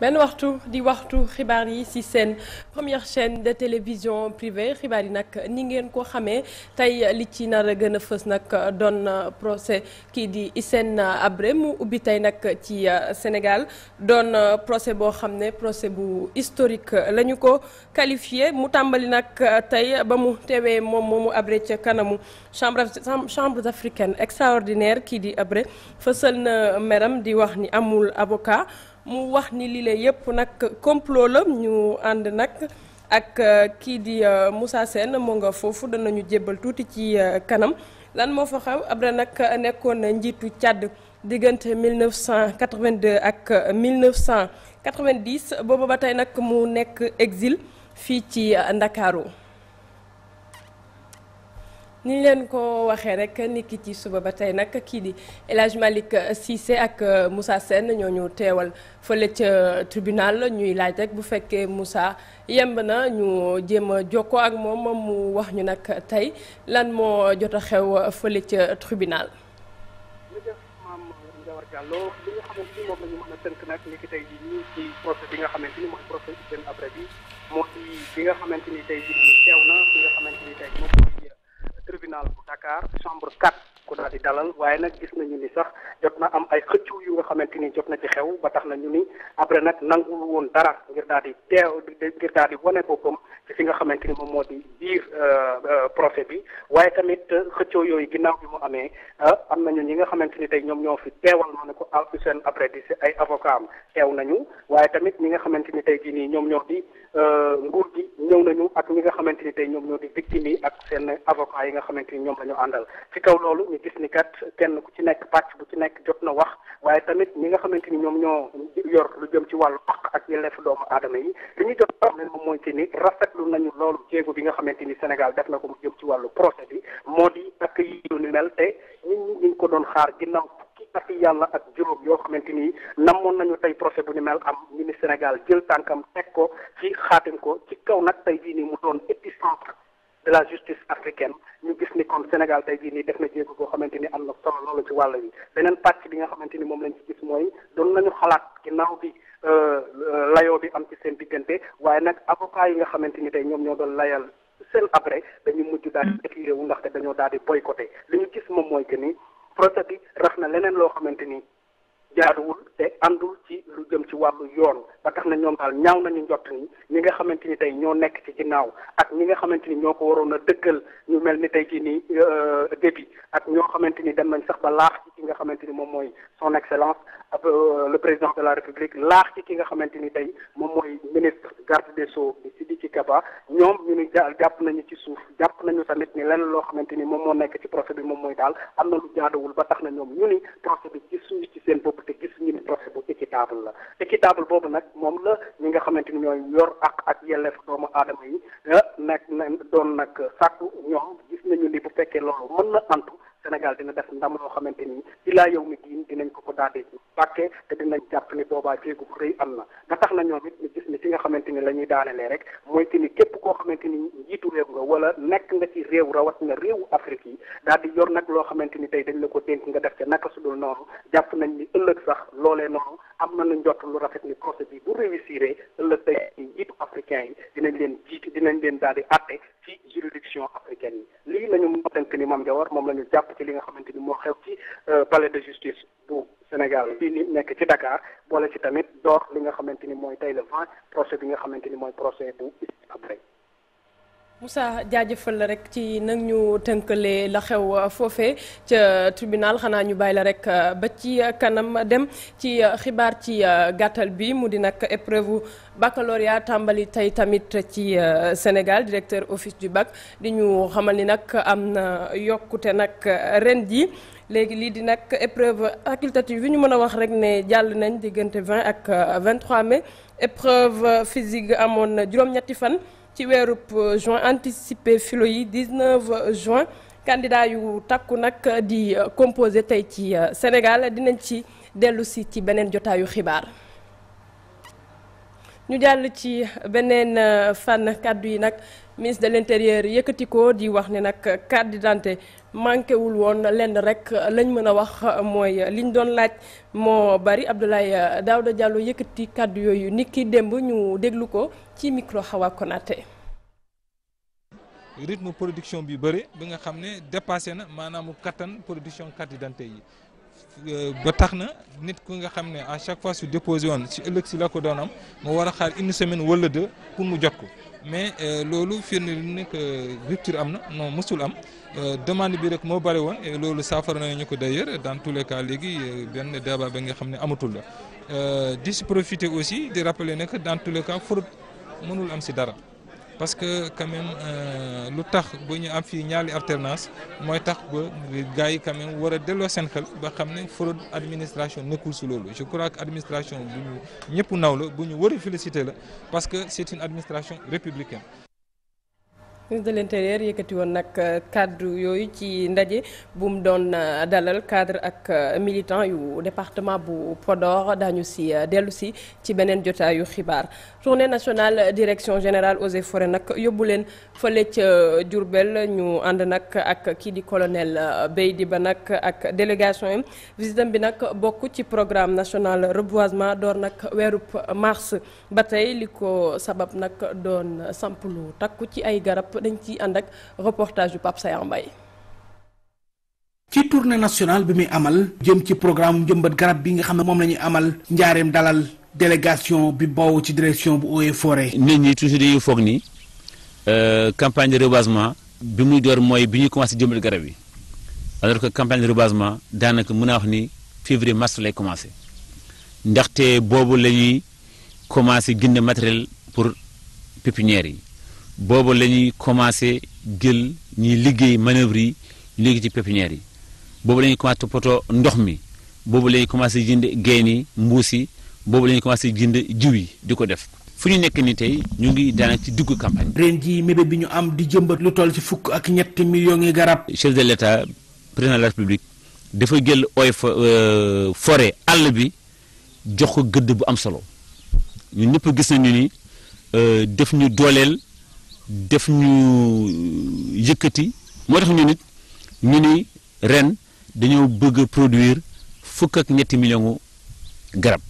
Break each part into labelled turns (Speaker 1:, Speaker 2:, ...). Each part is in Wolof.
Speaker 1: benn waxtu di waxtu xibaar yi ci seen première chaîne de télévision privée xibaar yi nag ni ngeen ko xamee tey li ci nar a gën a fës nag doon procès kii di Hissène Habré mu ubbi tey nag ci euh, Sénégal doon euh, procès boo xam ne procès bu historique la ñu ko qualifié mu tàmbali nag euh, tey ba mu teewee moom moomu Habré ca kanamu chambre chambre africaine extraordinaire kii di Habré fësal na meram di wax ni amul avocat. mu wax ni lile yëpp nag complot la ñu ànd nag ak euh, kii di euh, Moussa Sène mu nga foofu danañu jébbal tuuti ci euh, kanam lan moo fa xew Habré nag nekkoon njiitu càdd diggante mille 1982 ak mille 1990 booba ba tey nag mu nekk exil fii ci Ndakaaru ni leen ko waxee rek niki ci suba ba tey nag kii di El Hadj Malick ak euh, Moussa seen ñoo ñu teewal fële ca euh, tribunal ñuy laaj rek bu fekkee Moussa yemb na ñu jéem a jokkoo ak moom mu wax ñu nag tey lan moo jot a xew fële ca tribunal.
Speaker 2: tribunal bu Dakar chambre 4 ku daal di dalal waaye nag gis nañu ni sax jot na am ay xëccu yu nga xamante ni jot na ci xew ba tax na ñu ni après nag nangul woon dara ngir daal di teew ngir daal di wane boppam ci fi nga xamante ni moom moo di biir euh, euh, procès bi waaye tamit euh, xëccoo yooyu ginnaaw bi mu amee am nañu ñi nga xamante ni tey ñoom ñoo fi teewal ma ne ko al seen après di si ay avocat am teew nañu waaye tamit ñi nga xamante tey jii nii ñoom ñoo ñëw nañu ak ñi nga xamante ni tey ñoom ñoo di victime yi ak seen avocat yi nga xamante ni ñoom la ñu àndal ci kaw loolu ñu gis ni kat kenn ku ci nekk pàcc bu ci nekk jot na wax waaye tamit ñi nga xamante ni ñoom ñoo yor lu jëm ci wàllu àq ak yelleefu doomu aadama yi li ñu jot wax leen moom mooy ci ni rafetlu nañu loolu jéego bi nga xamante ni Sénégal def na ko mu jëm ci wàllu procès bi moo di ak yi lu ni mel te ñun ñi ngi ko doon xaar ginnaaw ak yàlla ak juróom yoo xamante ni namoon nañu tey bu ni mel am ñu Sénégal jël tànkam teg ko ci xaatim ko kaw nag tey jii nii mu doon épicentre de la justice africaine ñu gis ni kon Sénégal tey jii nii def na jéego boo xamante ni am na solo loolu ci wàll wi beneen pàcc bi nga xamante ni moom lañ ci gis mooy doon nañu xalaat ginnaaw bi euh, layoo bi am ci seen diggante waaye nag avocat yi nga xamante ni tey ñoom ñoo doon layal seen après dañu mujj daal di retiré wu ndaxte dañoo daal di boycotté li ñu gis moom mooy que ni procès bi rax na leneen loo xamante ni jaaduwul te lu jëm ci wàllu yoon ba tax na ñoom daal ñaaw nañu njott ni ñi nga xamante ni tey ñoo nekk ci ginnaaw ak ñi nga xamante ni ñoo ko waroon a dëggal ñu mel ni tey ci nii euh, début ak ñoo xamante ni dem nañ sax ba laax nga xamante ni moom mooy son excellence ab euh, le président de la république laax ci ki nga xamante ni tey moom mooy ministre garde des sceaux Sidiki Kaba ñoom ñu ni jàpp nañu ci suuf jàpp nañu tamit ni lenn loo xamante ni moom moo nekk ci procès bi moom mooy daal am na lu jaadawul ba tax na ñoom ñu ni procès bi gisuñu ci seen bopp te gisuñu ni procès bu équitable la équitable boobu nag moom la ñi nga xamante ni ñooy yor ak ak yelleef doomu aadama yi eh, nekk doon nag sàkku ñoom gis nañu ni bu fekkee loolu mën Sénégal dina def ndam loo xamante ni ilaa yow mi diin dinañ ko ko daal di bàkke te dinañ jàpp ni boobaa jéegu bu rëy am na nga tax na ñoom it gis ni fi nga xamante ni la ñuy rek mooy te ni képp koo xamante ni njiitu réew nga wala nekk nga ci réew rawat na réewu Afrique yi daal di yor nag loo xamante ni tey dañ la ko dénk nga def ca naka su dul noonu jàpp nañ ni ëllëg sax loolee noonu am na lu njott lu rafet ni procès bi bu réussiré ëllëg tey njiitu africain yi dinañ leen jiitu dinañ leen daal di àtte ci juridiction africaine yi lii la ñu moo tënk ni Mame Diawar moom la ñu jàpp ci li nga xamante ni moo xew ci euh, palais de justice bu Sénégal fii ni nekk ci Dakar boole ci tamit door li nga xamante ni mooy tey le vingt procès bi nga xamante ni mooy procès bu Hissène Habré
Speaker 1: Moussa jaajëfal la rek ci nag ñu tënkalee la xew uh, foofe ca uh, tribunal xanaa ñu bàyyi la rek uh, ba ci kanam dem ci xibaar ci gàttal bi mu di nag épreuve baccalauréat tàmbali tey tamit ci Sénégal directeur office du bac di ñu xamal ni nag am na yokkute nag ren ji léegi lii di nag épreuve facultative yi ñu mën a wax rek ne jàll nañ diggante 20 ak 23 mai épreuve physique amoon juróom-ñetti fan. ci weerub euh, juin anticiper filo yi 19 euh, juin candidat yu takku nag di euh, composé tey ci Sénégal dinañ ci dellu si ci beneen jotaayu xibaar ñu jàll ci beneen fànn kàddu yi nag ministre de l'intérieur yëkkati ko di wax ne nag carte d'identité manqué wul woon lenn rek lañ mën a wax mooy liñ doon laaj moo bari Abdoulaye Daouda Diallo yëkkati kàddu yooyu niki démb ñu déglu ko ci micro Hawa Konaté
Speaker 3: rythme production bi bëri ba nga xam ne dépassé na maanaam kattan production carte dante yi euh, ba tax na nit ku nga xam ne à chaque fois su déposé woon si ëllëg si la ko doon am mu war a xaar une semaine wala deux pour mu jot ko mais euh, loolu firnde lu nekk rupture am na non mosul am euh, demande bi rek moo bëri woon loolu saafara nañu ko d'ailleurs dans tous les cas léegi benn débat ba nga xam ne amatul la di si aussi di rappeler ne que mënul am si dara parce que quand même euh, lu tax bu ñu am fii ñaari alternance mooy tax ba gars yi quand même war a delloo seen xel ba xam ne fraude administration nekkul si loolu je crois que administration bu ñu ñëpp naw la bu ñu war a féliciter la parce que c'est une administration républicaine
Speaker 1: ministre de l'intérieur yëkkati woon nag cadre euh, yooyu ci ndaje bum doon euh, dalal kadr ak euh, militant yu département bu Podor dañu si dellu si ci beneen jotaayu xibaar journée nationale direction générale eaux et forêts nag yóbbu leen fële ca Diourbel ñu ànd nag ak kii di colonel Beydi Ba nag ak délégation yi visitam bi nag bokk ci programme national reboisement door nag weeru mars ba tey li ko sabab nag doon samp lu takku ci ay garab ko ciy ànd ak reportage yu Pape Sayar Mbaye
Speaker 4: ci tournée nationale bi muy amal jëm ci programme jëmbat garab bi nga xam ne moom la ñuy amal njaareem dalal délégation bi bawoo ci direction bu eaux et nit
Speaker 5: ñi toujours dañuy foog ni euh, campagne de reboisement bi muy door mooy bi ñuy commencé jëmbat garab yi alors que campagne de reboisement daanaka mën a wax ni février mars lay commencé ndaxte boobu la ñuy commencé gindi matériel pour pépinière yi booba la ñuy commencé jël ñuy liggéey manœuvre yi léegi ci pépinière yi boobu la ñuy toppatoo ndox mi boobu la ñuy commencé jënd geen yi mbuus yi boobu la ñuy commencé jënd jiw yi di ko def fu ñu nekk ni tey ñu ngi daanaka ci dugg campagne ren jii mébé bi ñu am di jëmbat lu toll ci fukk ak ñett millions ngi garab chef de l'état président la république dafa jël ooy fa euh, forêt àll bi jox ko gëdd bu am solo ñun ñëpp gis ñu ni euh, def ñu dooleel def ñu euh, yëkkati moo tax ñu nit ñu ni ren dañoo bëgg a produire fukk ak ñetti millions garab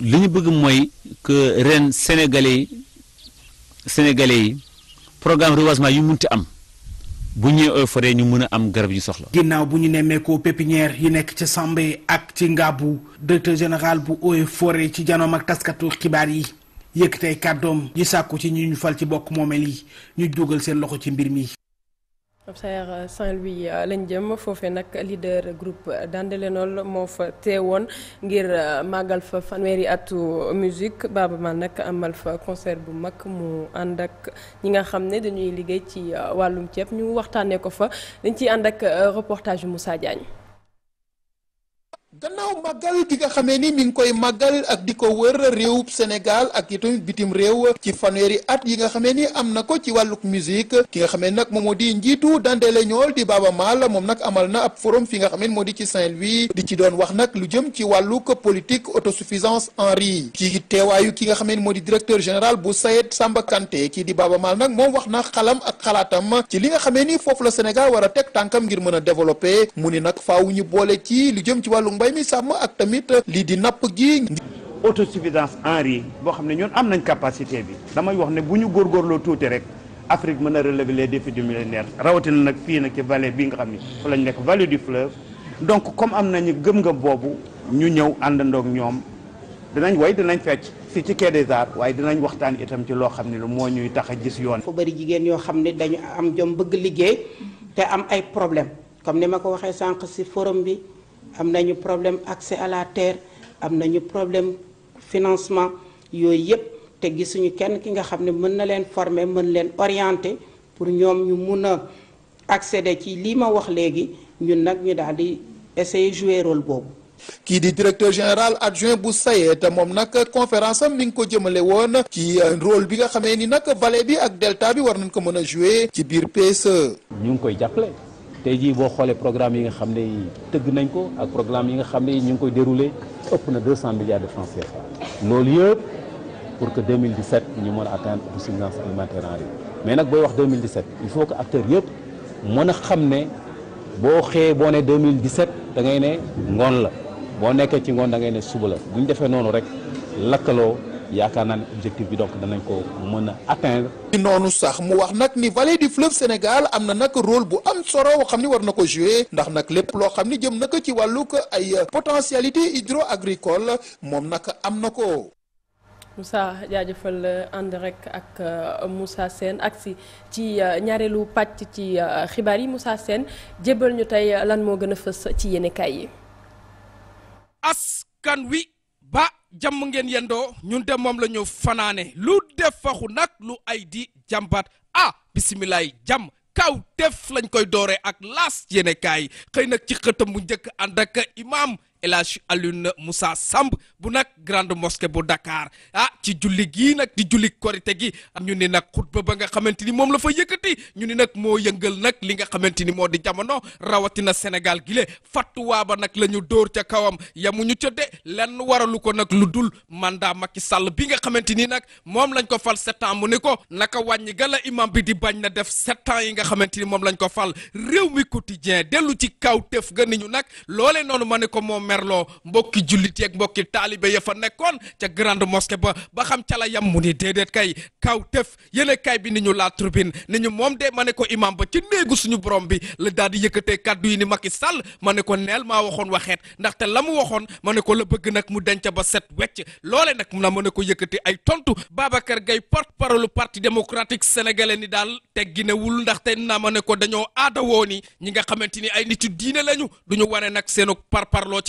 Speaker 5: li ñu bëgg mooy que ren sénégalais sénégalais yi programme reboisement yu munti am bu ñëwee forêt ñu mun a am garab yu soxla.
Speaker 4: ginnaaw bu ñu ko pépinière yi nekk ca Sambé ak ci Ngaabu directeur général bu Eaux et Forêts ci janoom ak taskatu xibaar yi. yëkkatee kàddoom di sàkku ci ñu ñu fal ci bokk moomeel yi ñu dugal seen loxo ci mbir mi.
Speaker 1: Saer Saint-Louis euh, lañ jëm foofee nag leader groupe Dandelenol moo fa teewoon ngir euh, màggal fa fanweeri atu musique Baaba Maal nag amal fa concert bu mag mu ànd ak ñi nga xam ne dañuy liggéey ci euh, wàllum ceeb ñu waxtaanee ko fa dañ ciy ànd ak reportage Moussa Diagne.
Speaker 3: gannaaw màggal ki nga xamee ni mi ngi koy màggal ak di ko wër réewub Sénégal ak itam bitim réew ci fanweeri at yi nga xamee ni am na ko ci wàlluk musique ki nga xamee nag moom moo di njiitu Dandele Niol di baba Maal moom nag amal na ab forum fi nga xamee moo di ci Saint-Louis di ci doon wax nag lu jëm ci wàlluk politique autosuffisance en riz ci teewaayu ki nga xamee ni moo di directeur général bu Sayed Samba Kanté kii di baba Maal nag moom wax na xalam ak xalaatam ci li nga xamee ni foofu la Sénégal war a teg tànkam ngir mën a développer mu ni nag faaw ñu boole ci lu jëm ci wàllu
Speaker 2: mbay la ak tamit lii di napp gi. autosuffisance en riz boo xam ne ñun am nañ capacité bi damay wax ne bu ñu góorgóorloo tuuti rek Afrique mën a relever les défis du millénaire rawatina nag fii nag ci vallée bi nga xam ni fa lañ nekk vallée du fleuve donc comme am nañu gëm-gëm boobu ñu ñëw àndandoog ñoom dinañ way dinañ fecc fii ci quai des arts waaye dinañ waxtaan itam ci loo xam ne lu moo ñuy tax a gis yoon. fu
Speaker 4: bëri jigéen yoo xam ne dañu am jom bëgg liggéey te am ay problème comme ni ma ko waxee sànq am nañu problème accès à la terre am nañu problème financement yooyu yëpp te gisuñu kenn ki nga xam ne mën na leen former mën leen orienter pour ñoom ñu mun a accéder ci lii ma wax léegi ñun nag ñu daal di essayer jouer rôle boobu.
Speaker 3: kii di directeur général adjoint bu SAED te moom nag conférence am mi ngi ko jëmale woon ci rôle bi nga xamee ni nag vallée bi ak delta bi war nañ ko mën a jouer ci biir PSE. ñu ngi koy jàppale. tey jii boo xoolee programme yi nga xam ne tëgg nañ ko ak programme yi nga
Speaker 5: xam ne ñu ngi koy déroulé ëpp na 200 milliards de francs CFA loolu yëpp pour que 2017 ñu mën a atteindre autosuffisance alimentaire en riz mais nag booy wax 2017 il faut que acteurs yëpp mën a xam ne boo xëyee boo ne 2017 da ngay ne ngoon la boo nekkee ci ngoon da ngay ne suba la bu ñu defee noonu rek lakkaloo yaakaar naa ne objectif bi donc danañ ko mën a atteindre.
Speaker 3: noonu sax mu wax nag ni vallée du fleuve Sénégal am na nag rôle bu am soro boo xam ni war na ko jouer ndax nag lépp loo xam ni jëm na ko ci wàllug ay potentialité hydro-agricole moom nag am na ko.
Speaker 1: Moussa jaajëfal ànd rek ak euh, Moussa seen ak si ci euh, ñaareelu pàcc ci euh, xibaar yi Moussa seen jébbal ñu tey lan moo gën a fës ci yéenekaay yi.
Speaker 4: askan wi. ba jàmm ngeen yendoo ñun de moom la ñu fanaane lu def faxu nag lu ay di jàmbat ah bisimilaay jàmm kaw def lañ koy dooree ak laas yéene kaay xëy nag ci xëtam bu njëkk ànd ak imaam El Hadj Alioune Moussa Samb bu nag grande mosquée bu Dakar ah ci julli gii nag di julli korite gi am ñu ni nag xutba ba nga xamante ni moom la fa yëkkati ñu ni nag moo yëngal nag li nga xamante ni moo di jamono rawatina Sénégal gi le ba nag la ñu dóor ca kawam yamuñu ca de lenn waralu ko nag lu dul mandat Macky Sall bi nga xamante ni nag moom lañ ko fal sept mu ni ko naka wàññi gala imam bi di bañ na def sept yi nga xamante ni moom lañ ko fal réew mi quotidien dellu ci kaw tëf ga ni ñu nag loolee noonu ma ne ko moom merloo mbokki jullit yeeg mbokki taalibe ya fa nekkoon ca grande mosquée ba ba xam ca la yam mu ni déedéet kay kaw tëf yéen kay bi ni ñu la tribune ni ñu moom de ma ne ko imam ba ci néegu suñu borom bi la daal di yëkkatee kàddu yi ni Macky sal ma ne ko neel maa waxoon waxeet ndaxte la mu waxoon ma ne ko la bëgg nag mu denc ba set wecc loole nag na ma ne ko yëkkatee ay tontu Babacar Gaye porte parole parti démocratique sénégalais ni daal tegginewul ndaxte na ma ne ko dañoo aada woo ni ñi nga xamante ni ay nit yu lañu duñu wane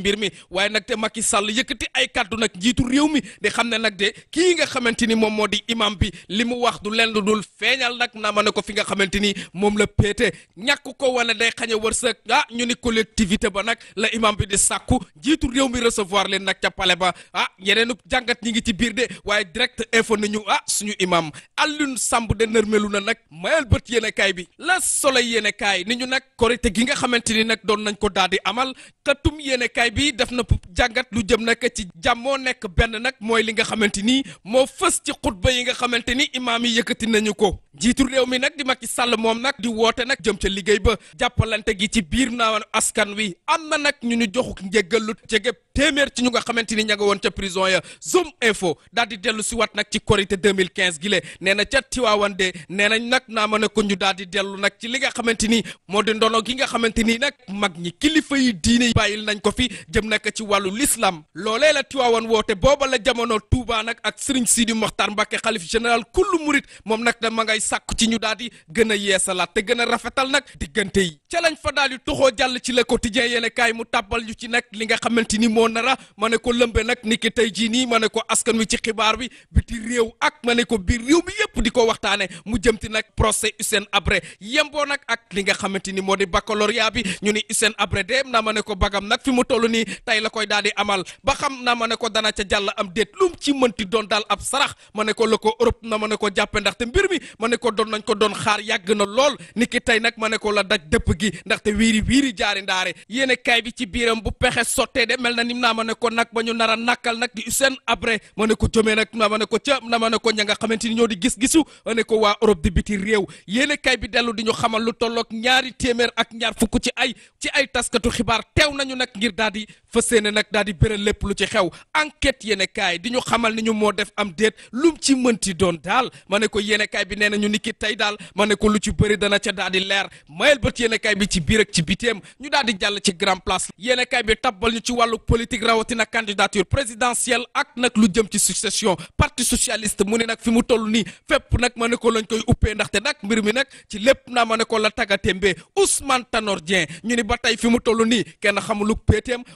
Speaker 4: mbir mi waaye nag te Macky Sall yëkkati ay kàddu nag njiitu réew mi di xam ne nag de kii nga xamante ni moom moo di imam li mu wax du leen lu dul feeñal nag naa ma ne ko fi nga xamante ni moom la péete ñakk ko wane day xañ a sa ah ñu ni collectivité ba nag la imam bi di sàkku njiitu réew mi recevoir leen nag ca pale ba ah yeneen jàngat ñi ngi ci biir de waaye direct info ni ñu ah suñu imam Alioune Samb de nërmelu na nag mayal bët yéene kaay bi la solo yéene kaay ni ñu nag korite gi nga xamante ni nag doon nañ ko daal di amal xëtum yéene yéenekaay bi def na jàngat lu jëm nag ci jàmmoo nekk benn nag mooy li nga xamante ni moo fës ci ba yi nga xamante ni imaam yi yëkkati nañu ko njiitu réew mi nag di Macky Sall moom nag di woote nag jëm ca liggéey ba jàppalante gi ci biir naa askan wi am na nag ñu ñu joxu njéggal lu jege téeméer ci ñu nga xamante ni ña nga woon ca prison ya Zoom info daal di dellu si waat nag ci korité 2015 gi le nee na ca Tiwaawan de nee nañ nag naa mën a ko ñu daal di dellu nag ci li nga xamante ni moo di ndono gi nga xamante ni nag mag ñi kilifa yi diine bàyyil nañ ko fi jëm nag ci wàllu l'islam loolee la Tiwaawan woote booba la jamono Touba nag ak Serigne Sidi Mokhtar Mbacke xalif général kullu murit moom nag da ma ngay sàkku ci ñu daal di gën a yeesalaat te gën a rafetal nag diggante yi ca lañ fa daal di toxoo jàll ci le quotidien yéene kaay mu tàbbal ñu ci nag li nga xamante ni moo nara ma ne ko lëmbe nag nikki ki tey jii nii ma ne ko askan wi ci xibaar bi biti réew ak ma ne ko biir réew mi yëpp di ko waxtaane mu jëmti nag procès Hissène Habré yemboo nag ak li nga xamante ni moo di baccalauréat bi ñu ni Hissène Habré nii tey la koy daal di amal ba xam na ma ne ko dana ca jàll am déet lu mu ci mënti doon daal ab sarax ma ne ko la ko Europe na ma ne ko jàppe ndaxte mbir mi ma ne ko doon nañ ko doon xaar yàgg na lool ni ki tey nag ma ne ko la daj dëpp gi ndaxte wiiri wiiri jaari ndaare yéene kaay bi ci biiram bu pexe sottee de mel na ni naa ma ne ko nag ba ñu nar a nakkal nag di Hissène Habré ma ne ko jomee nag na ma ne ko ca na ma ne ko ña nga xamante ni ñoo di gis-gisu ma ne ko waa Europe biti réew yéene kaay bi dellu di ñu xamal lu tolloog ñaari téeméer ak ñaar ci ay ci ay taskatu xibaar teew di fas yéene nag daal di béral lépp lu ci xew enquête yéene kaay di ñu xamal ni ñu moo def am déet lum ci mënti doon daal ma ne ko yéene kaay bi nee na ñu niki tey daal ma ne ko lu ci bëri dana ca daal di leer mayel bët yéene kaay bi ci biir ak ci biteem ñu daal di jàll ci grand place yéene kaay bi tabbal ñu ci wàllu politique rawatina candidature présidentielle ak nag lu jëm ci succession parti socialiste mu ne nag fi mu toll nii fépp nag ma ne ko lañ koy uppee ndaxte nag mbir mi nag ci lépp naa ma ne ko la tagga témbee Ousmane Tanor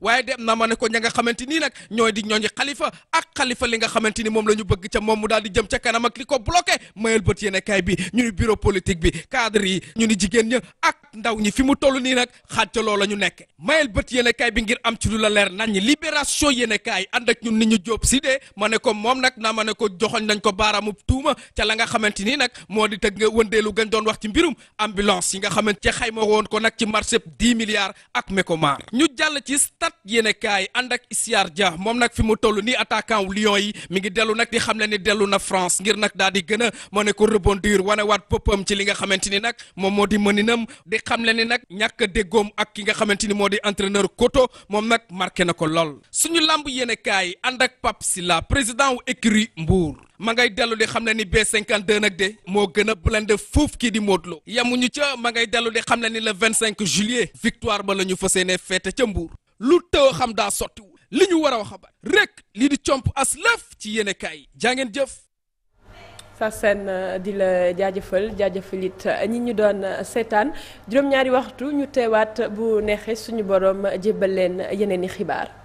Speaker 4: waaye dem na ma ne ko ña nga xamante nii nag ñooy di ñooñu xalifa ak xalifa li nga xamante ni moom la ñu bëgg ca moom mu daal di jëm ca kanam ak li ko bloqué mayel bët yéene bi ñu ni bureau politique bi cadre yi ñu ni jigéen ña ak ndaw ñi fi mu toll nii nag xaajtaloo la ñu nekk mayel bët yéene bi ngir am ci lu la leer nañ ñi libération yéene kaay ànd ak ñun nit ñu jóob si dee ma ne ko moom nag naa ma ne ko joxoñ nañ ko baaraamu tuuma ca la nga xamante nii nag moo di tëgg nga wëndeelu gën doon wax ci mbirum ambulance yi nga xamante ca xayma woon ko nag ci marché 10 milliards ak mékomar ñu jàll ci stade yéene kaay ànd ak Isiar Dia moom nag fi mu toll nii attaquant wu Lyon yi mi ngi dellu nag di xam le ni dellu na France ngir nag daal di a moo ne ko rebondir wane waat boppam ci li nga xamante ni nag moom moo di mëninam di xam le ni nag ñàkk déggoom ak ki nga xamante ni moo di entraîneur Koto moom nag marqué na ko lool suñu làmb yéene kaay ànd ak si la président wu écurie Mbour ma ngay dellu di xam ne ni B52 nag de moo gën a blende fuuf kii di Modou Lo yemuñu ca ma ngay dellu di xam ne ni le 25 juillet victoire ba la ñu fas yéene fête ca lu tëw xam daa sottiwul li ñu war a wax a bari lii di comp as ci yéene kaay yi jàngeen jëf
Speaker 1: Sassène euh, di la jaajëfal jaajëfal it euh, ñi ñu doon euh, seetaan juróom-ñaari waxtu ñu teewaat bu neexee suñu borom jébbal leen yeneen i xibaar